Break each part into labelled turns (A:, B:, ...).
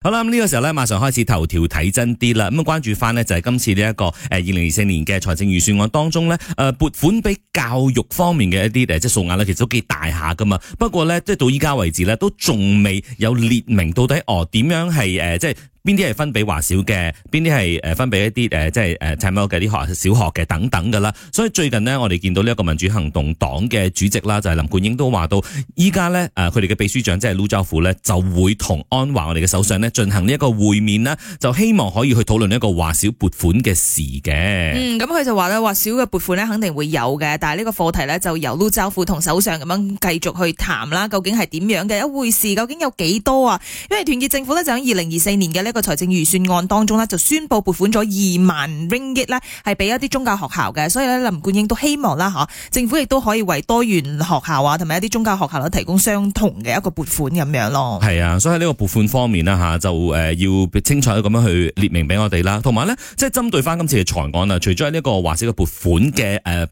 A: 好啦，咁、這、呢個時候咧，馬上開始頭條睇真啲啦。咁啊，關注返咧就係今次呢一個誒二零二四年嘅財政預算案當中咧，誒、呃、撥款俾教育方面嘅一啲誒即係數額咧，其實都幾大下㗎嘛。不過咧，即係到依家為止咧，都仲未有列明到底哦點樣係誒、呃、即係。邊啲係分俾華小嘅，邊啲係誒分俾一啲誒即係誒差唔多嘅啲學小學嘅等等噶啦。所以最近呢，我哋見到呢一個民主行動黨嘅主席啦，就係林冠英都話到，依家呢，誒佢哋嘅秘書長即係盧兆富呢，就，是、Luzhafue, 就會同安華我哋嘅首相呢進行呢一個會面啦，就希望可以去討論一個華小撥款嘅事嘅。
B: 咁、嗯、佢就話呢，華小嘅撥款呢肯定會有嘅，但係呢個課題呢，就由盧兆富同首相咁樣繼續去談啦。究竟係點樣嘅一回事？究竟有幾多啊？因為團結政府呢，就喺二零二四年嘅。一個財政預算案當中咧，就宣佈撥款咗二萬 ringgit 咧，係俾一啲宗教學校嘅，所以咧林冠英都希望啦，吓政府亦都可以為多元學校啊，同埋一啲宗教學校咧，提供相同嘅一個撥款咁樣咯。
A: 係啊，所以喺呢個撥款方面咧，吓就誒，要清楚咁樣去列明俾我哋啦同埋咧，即係針對翻，今次嘅財案啊，除咗喺呢個華社嘅撥款嘅誒。嗯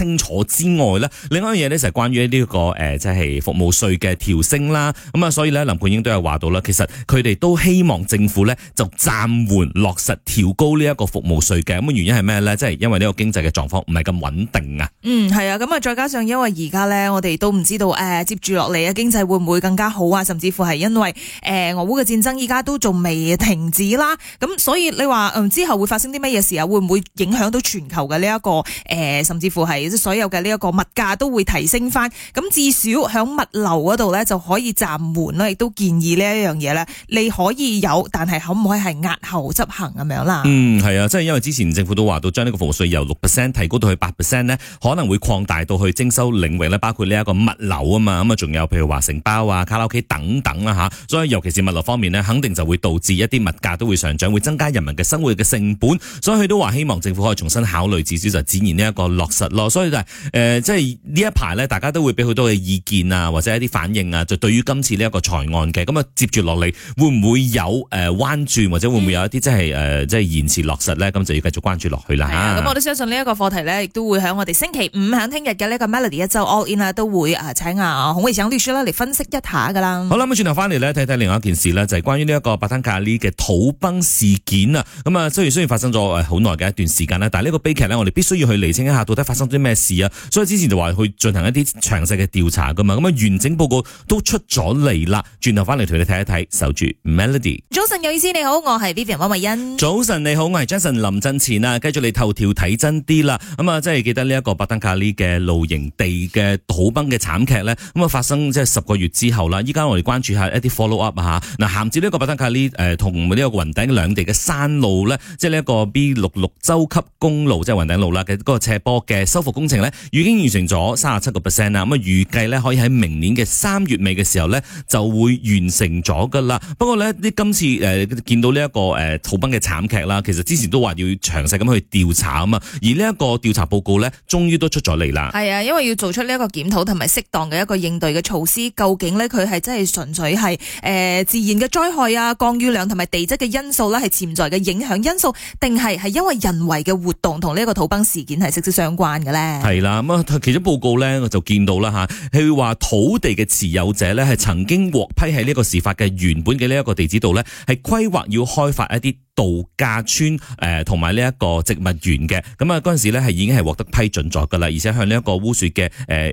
A: 清楚之外咧，另外一樣嘢咧，就係關於呢個誒，即係服務稅嘅調升啦。咁啊，所以咧，林冠英都有話到啦，其實佢哋都希望政府咧就暫緩落實調高呢一個服務稅嘅。咁原因係咩咧？即係因為呢個經濟嘅狀況唔係咁穩定啊。
B: 嗯，係啊。咁啊，再加上因為而家咧，我哋都唔知道誒、呃，接住落嚟嘅經濟會唔會更加好啊？甚至乎係因為誒、呃，俄烏嘅戰爭依家都仲未停止啦、啊。咁所以你話、呃、之後會發生啲乜嘢事啊？會唔會影響到全球嘅呢一個誒、呃，甚至乎係？所有嘅呢一個物價都會提升翻，咁至少響物流嗰度咧，就可以暫緩啦，亦都建議呢一樣嘢咧，你可以有，但係可唔可以係押後執行咁樣啦？嗯，
A: 係啊，即係因為之前政府都話到將呢個服務稅由六 percent 提高到去八 percent 咧，可能會擴大到去徵收領域咧，包括呢一個物流啊嘛，咁啊，仲有譬如話承包啊、卡拉 OK 等等啦吓，所以尤其是物流方面呢，肯定就會導致一啲物價都會上漲，會增加人民嘅生活嘅成本，所以佢都話希望政府可以重新考慮，至少就展現呢一個落實咯。所以就係即係呢一排咧，大家都會俾好多嘅意見啊，或者一啲反應啊，就對於今次呢一個裁案嘅咁啊，接住落嚟會唔會有誒、呃、彎轉，或者會唔會有一啲、嗯、即係誒即係延遲落實咧？咁就要繼續關注落去啦。咁我
B: 都相信呢一個課題咧，亦都會喺我哋星期五喺聽日嘅呢個 Melody 一週 all in 啊，都會啊請啊孔偉祥律師咧嚟分析一下噶啦。
A: 好啦，咁轉頭翻嚟咧，睇睇另外一件事呢，就係關於呢一個峇冬加里嘅土崩事件啊。咁啊，雖然雖然發生咗誒好耐嘅一段時間啦，但係呢個悲劇呢，我哋必須要去釐清一下，到底發生啲、嗯、咩事啊？所以之前就話去進行一啲詳細嘅調查噶嘛，咁啊完整報告都出咗嚟啦。轉頭翻嚟同你睇一睇，守住 Melody。早
B: 晨，有意思你好，我係 Vivian 温慧欣。
A: 早晨你好，我係 Jason 林振前啊。繼續你頭條睇真啲啦。咁、嗯、啊，即係記得登呢一個巴丹卡利嘅露營地嘅土崩嘅慘劇咧，咁、嗯、啊發生即係十個月之後啦。依家我哋關注一下一啲 follow up 吓。嗱，銜接呢一個巴丹卡利，誒同呢一個雲頂兩地嘅山路咧，即係呢一個 B 六六州級公路，即係雲頂路啦嗰、那個斜坡嘅收。工程呢已經完成咗三十七個 percent 啦，咁啊預計呢，可以喺明年嘅三月尾嘅時候呢，就會完成咗噶啦。不過呢，啲今次誒、呃、見到呢、這、一個誒土崩嘅慘劇啦，其實之前都話要詳細咁去調查啊嘛，而呢一個調查報告呢，終於都出咗嚟啦。
B: 係啊，因為要做出呢一個檢討同埋適當嘅一個應對嘅措施，究竟呢，佢係真係純粹係誒、呃、自然嘅災害啊、降雨量同埋地質嘅因素咧，係潛在嘅影響因素，定係係因為人為嘅活動同呢一個土崩事件係息息相關嘅呢？
A: 係啦，咁啊，其中報告咧，我就見到啦，吓，係話土地嘅持有者咧，係曾經獲批喺呢個事發嘅原本嘅呢一個地址度咧，係規劃要開發一啲。度假村誒同埋呢一個植物園嘅咁啊，嗰陣時咧係已經係獲得批准咗噶啦，而且向呢一個烏雪嘅誒誒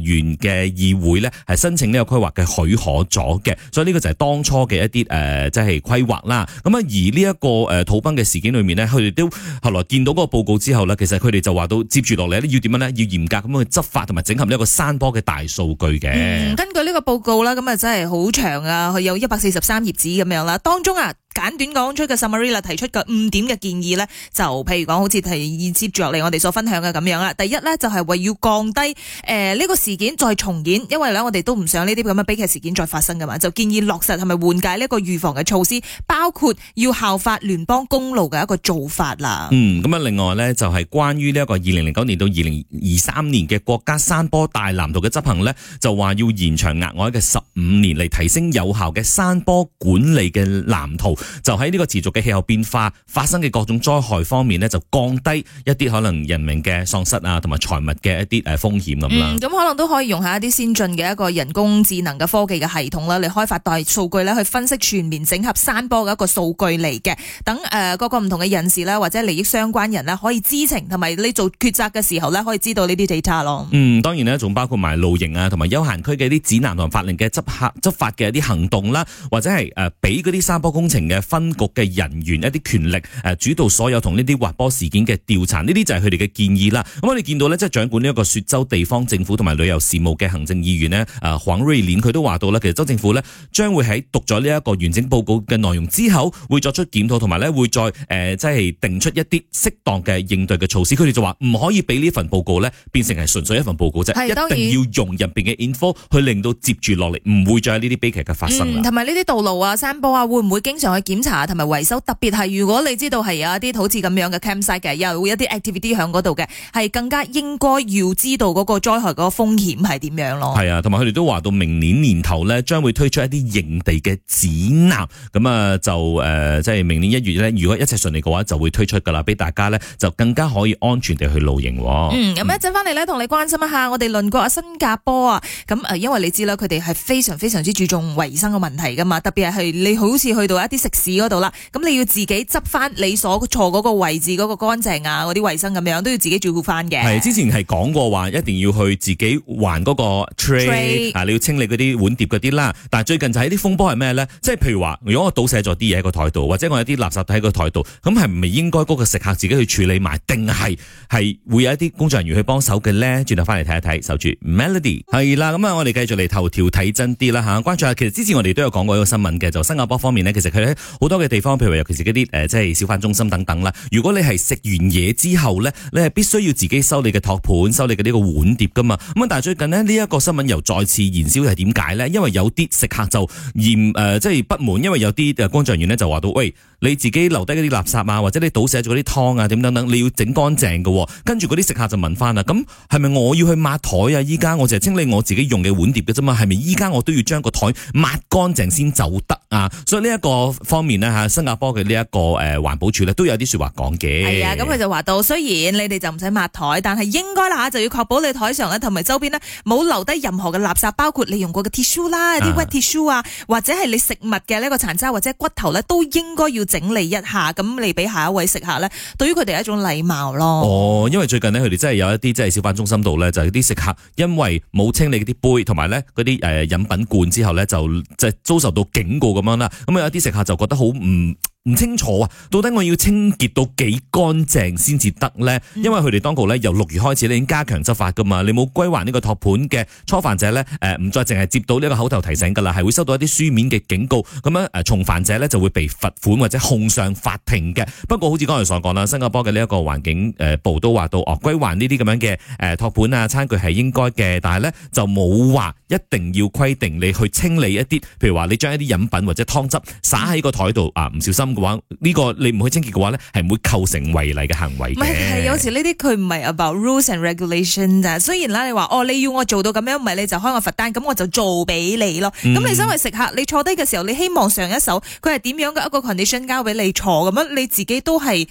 A: 園嘅議會咧係申請呢個規劃嘅許可咗嘅，所以呢個就係當初嘅一啲誒即係規劃啦。咁啊，而呢一個誒土崩嘅事件裏面呢，佢哋都後來見到嗰個報告之後呢，其實佢哋就話到接住落嚟呢要點樣呢？要嚴格咁去執法同埋整合呢一個山坡嘅大數據嘅。嗯，
B: 根據呢個報告啦，咁啊真係好長啊，佢有一百四十三頁紙咁樣啦，當中啊。簡短講出嘅 summary 啦，提出嘅五點嘅建議呢就譬如講好似係接着嚟我哋所分享嘅咁樣啦。第一呢，就係、是、為要降低誒呢、呃這個事件再重演，因為咧我哋都唔想呢啲咁嘅悲劇事件再發生噶嘛，就建議落實係咪緩解呢個預防嘅措施，包括要效法聯邦公路嘅一個做法啦。
A: 嗯，咁啊，另外呢，就係、是、關於呢一個二零零九年到二零二三年嘅國家山坡大藍圖嘅執行呢，就話要延長額外嘅十五年嚟提升有效嘅山坡管理嘅藍圖。就喺呢個持續嘅氣候變化發生嘅各種災害方面呢，就降低一啲可能人命嘅喪失啊、嗯，同埋財物嘅一啲誒風險咁
B: 啦。咁可能都可以用下一啲先進嘅一個人工智能嘅科技嘅系統啦，嚟開發大數據呢，去分析全面整合山坡嘅一個數據嚟嘅。等誒、呃、各個唔同嘅人士啦，或者利益相關人呢，可以知情同埋你做決策嘅時候呢，可以知道呢啲 data 咯。嗯，
A: 當然呢，仲包括埋露營啊，同埋休閒區嘅啲指南同法令嘅執執法嘅一啲行動啦，或者係誒俾嗰啲山坡工程嘅。分局嘅人員一啲權力，誒主導所有同呢啲滑坡事件嘅調查，呢啲就係佢哋嘅建議啦。咁我哋見到呢，即係掌管呢一個雪州地方政府同埋旅遊事務嘅行政議員呢，啊，黃瑞廉佢都話到呢，其實州政府呢，將會喺讀咗呢一個完整報告嘅內容之後，會作出檢討，同埋呢會再誒即係定出一啲適當嘅應對嘅措施。佢哋就話唔可以俾呢份報告呢變成係純粹一份報告啫，一定要用入邊嘅 info 去令到接住落嚟，唔會再有呢啲悲劇嘅發生啦、嗯。同
B: 埋呢啲道路啊、山坡啊，會唔會經常去檢查同埋維修，特別係如果你知道係有一啲好似咁樣嘅 campsite 嘅，又會有啲 activity 喺嗰度嘅，係更加應該要知道嗰個災害嗰個風險係點樣咯。係
A: 啊，同埋佢哋都話到明年年頭咧，將會推出一啲營地嘅指南，咁啊就誒，即、呃、係、就係、明年一月咧，如果一切順利嘅話，就會推出噶啦，俾大家咧就更加可以安全地去露營。嗯，
B: 咁一陣翻嚟咧，同你關心一下我哋鄰國啊，新加坡啊，咁誒，因為你知啦，佢哋係非常非常之注重衞生嘅問題噶嘛，特別係係你好似去到一啲食市度啦，咁你要自己執翻你所坐嗰個位置嗰個乾淨啊，嗰啲衛生咁樣都要自己照顧翻嘅。係之
A: 前係講過話，一定要去自己還嗰個 tray 啊，你要清理嗰啲碗碟嗰啲啦。但係最近就喺啲風波係咩咧？即係譬如話，如果我倒瀉咗啲嘢喺個台度，或者我有啲垃圾喺個台度，咁係唔係應該個食客自己去處理埋，定係係會有一啲工作人員去幫手嘅咧？轉頭翻嚟睇一睇，守住 Melody 係、嗯、啦，咁啊，我哋繼續嚟頭條睇真啲啦吓，關注下。其實之前我哋都有講過一個新聞嘅，就新加坡方面呢，其實佢好多嘅地方，譬如尤其是己啲誒，即係小販中心等等啦。如果你係食完嘢之後呢，你係必須要自己收你嘅托盤、收你嘅呢個碗碟噶嘛。咁但係最近呢，呢一個新聞又再次燃燒，係點解呢？因為有啲食客就嫌誒，即、呃、係、就是、不滿，因為有啲誒工作人員就話到喂。你自己留低嗰啲垃圾啊，或者你倒瀉咗嗰啲湯啊，點等等，你要整乾淨嘅。跟住嗰啲食客就問翻啦。咁係咪我要去抹台啊？依家我淨係清理我自己用嘅碗碟嘅啫嘛。係咪依家我都要將個台抹乾淨先走得啊？所以呢一個方面呢，吓，新加坡嘅呢一個誒環保署咧都有啲說話講嘅。係啊，咁
B: 佢就話到，雖然你哋就唔使抹台，但係應該啦就要確保你台上同埋周邊呢冇留低任何嘅垃圾，包括你用過嘅 tissue 啦，啲 white tissue 啊，或者係你食物嘅呢個殘渣或者骨頭呢，都應該要。整理一下，咁你俾下一位食客咧，對於佢哋係一種禮貌咯。
A: 哦，因為最近咧，佢哋真係有一啲即係小販中心度咧，就係啲食客因為冇清理啲杯同埋咧嗰啲誒飲品罐之後咧，就即係遭受到警告咁樣啦。咁啊，有啲食客就覺得好唔～唔清楚啊！到底我要清潔到幾乾淨先至得呢？因為佢哋當局咧由六月開始已經加強執法噶嘛。你冇歸還呢個托盤嘅初犯者呢，誒唔再淨係接到呢個口頭提醒㗎啦，係會收到一啲書面嘅警告。咁樣誒重犯者呢就會被罰款或者控上法庭嘅。不過好似剛才所講啦，新加坡嘅呢一個環境誒部都話到，哦歸還呢啲咁樣嘅誒托盤啊餐具係應該嘅，但係呢，就冇話一定要規定你去清理一啲，譬如話你將一啲飲品或者湯汁灑喺個台度啊，唔小心。嘅話呢，這個你唔去清潔嘅話咧，係唔會構成違例嘅行為嘅。係有
B: 時呢啲佢唔係 about rules and regulations。雖然啦，你話哦，你要我做到咁樣，唔係你就開個罰單，咁我就做俾你咯。咁，嗯、你身為食客，你坐低嘅時候，你希望上一手，佢係點樣嘅一個 condition 交俾你坐咁樣，你自己都係。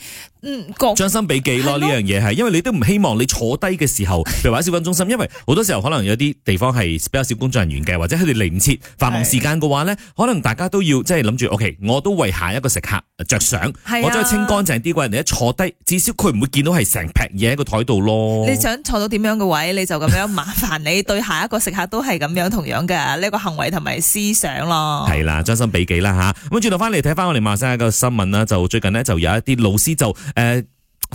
B: 嗯，將
A: 心比己咯，呢樣嘢係，因為你都唔希望你坐低嘅時候，譬如話小販中心，因為好多時候可能有啲地方係比較少工作人員嘅，或者佢哋嚟唔切繁忙時間嘅話呢，可能大家都要即係諗住，OK，我都為下一個食客着想，我將佢清乾淨啲啩，人哋一坐低，至少佢唔會見到係成劈嘢喺個台度咯。你想
B: 坐到點樣嘅位，你就咁樣麻煩你對下一個食客都係咁樣同樣嘅呢 個行為同埋思想咯。
A: 係啦，將心比己啦吓，咁轉頭翻嚟睇翻我哋馬新嘅個新聞啦，就最近呢，就有一啲老師就。誒、呃，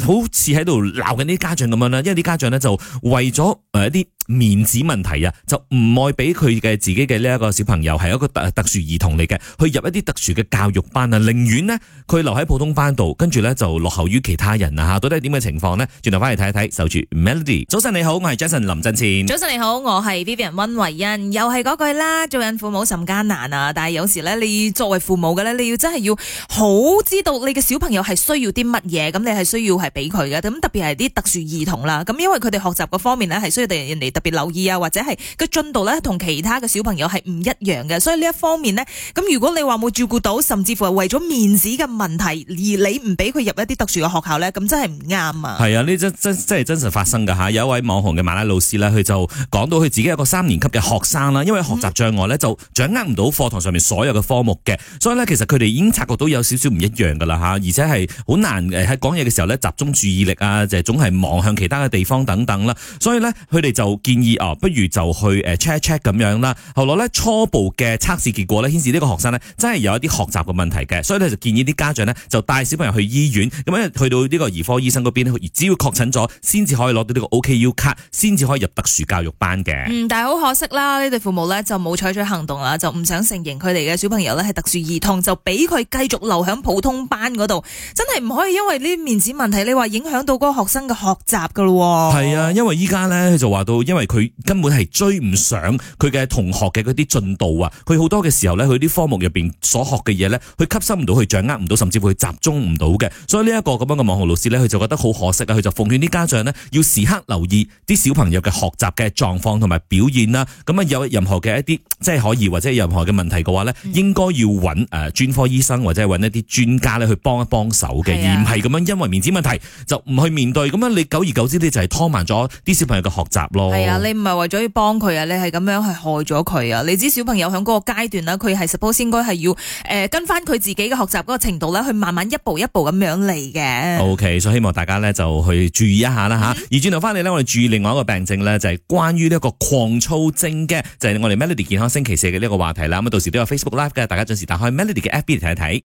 A: 好似喺度鬧緊啲家長咁樣啦，因為啲家長咧就為咗誒一啲。面子問題啊，就唔愛俾佢嘅自己嘅呢一個小朋友係一個特特殊兒童嚟嘅，去入一啲特殊嘅教育班啊，寧願呢，佢留喺普通班度，跟住呢，就落後於其他人啊，到底係點嘅情況呢？轉頭翻嚟睇一睇，守住 Melody。早晨你好，我係 Jason 林振前。早
B: 晨你好，我係 Vivian 温慧欣。又係嗰句啦，做人父母甚艱難啊！但係有時呢，你作為父母嘅呢，你要真係要好知道你嘅小朋友係需要啲乜嘢，咁你係需要係俾佢嘅。咁特別係啲特殊兒童啦，咁因為佢哋學習方面呢，係需要人哋。特別留意啊，或者係個進度咧，同其他嘅小朋友係唔一樣嘅，所以呢一方面呢，咁如果你話冇照顧到，甚至乎係為咗面子嘅問題而你唔俾佢入一啲特殊嘅學校呢，咁真係唔啱啊！
A: 係啊，呢真真真係真實發生嘅吓，有一位網紅嘅馬拉老師呢，佢就講到佢自己係一個三年級嘅學生啦，因為學習障礙呢，就掌握唔到課堂上面所有嘅科目嘅，所以呢，其實佢哋已經察覺到有少少唔一樣噶啦吓，而且係好難喺講嘢嘅時候呢，集中注意力啊，就係總係望向其他嘅地方等等啦，所以呢，佢哋就。建議啊，不如就去誒 check check 咁樣啦。後來咧，初步嘅測試結果咧，顯示呢個學生呢真係有一啲學習嘅問題嘅，所以咧，就建議啲家長呢就帶小朋友去醫院。咁去到呢個兒科醫生嗰邊，只要確診咗先至可以攞到呢個 OKU 卡，先至可以入特殊教育班嘅。嗯，
B: 但係好可惜啦，呢對父母呢就冇採取行動啦，就唔想承認佢哋嘅小朋友呢係特殊兒童，就俾佢繼續留響普通班嗰度。真係唔可以因為呢啲面子問題，你話影響到嗰個學生嘅學習噶咯。
A: 係啊，因為依家呢，佢就話到，因為因為佢根本係追唔上佢嘅同學嘅嗰啲進度啊，佢好多嘅時候咧，佢啲科目入邊所學嘅嘢咧，佢吸收唔到，佢掌握唔到，甚至乎佢集中唔到嘅。所以呢一個咁樣嘅網紅老師咧，佢就覺得好可惜啊。佢就奉勸啲家長呢，要時刻留意啲小朋友嘅學習嘅狀況同埋表現啦。咁啊，有任何嘅一啲即係可以或者任何嘅問題嘅話咧、嗯，應該要揾誒專科醫生或者揾一啲專家咧去幫一幫手嘅、啊，而唔係咁樣因為面子問題就唔去面對。咁樣你久而久之呢，就係拖慢咗啲小朋友嘅學習咯。
B: 你唔係為咗要幫佢啊，你係咁樣係害咗佢啊！你知小朋友喺嗰個階段呢，佢係 suppose 應該係要誒跟翻佢自己嘅學習嗰個程度咧，去慢慢一步一步咁樣嚟嘅。
A: OK，所以希望大家咧就去注意一下啦吓、嗯。而轉頭翻嚟咧，我哋注意另外一個病症咧，就係關於呢一個狂躁症嘅，就係我哋 Melody 健康星期四嘅呢個話題啦。咁到時都有 Facebook Live 嘅，大家準時打開 Melody 嘅 FB 嚟睇一睇。